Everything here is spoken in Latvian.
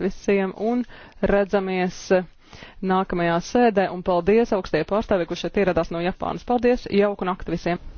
Paldies visiem un redzamies nākamajā sēdē un paldies augstie pārstāvi, kurš šeit ieradās no Japānas. Paldies, jauku nakti visiem!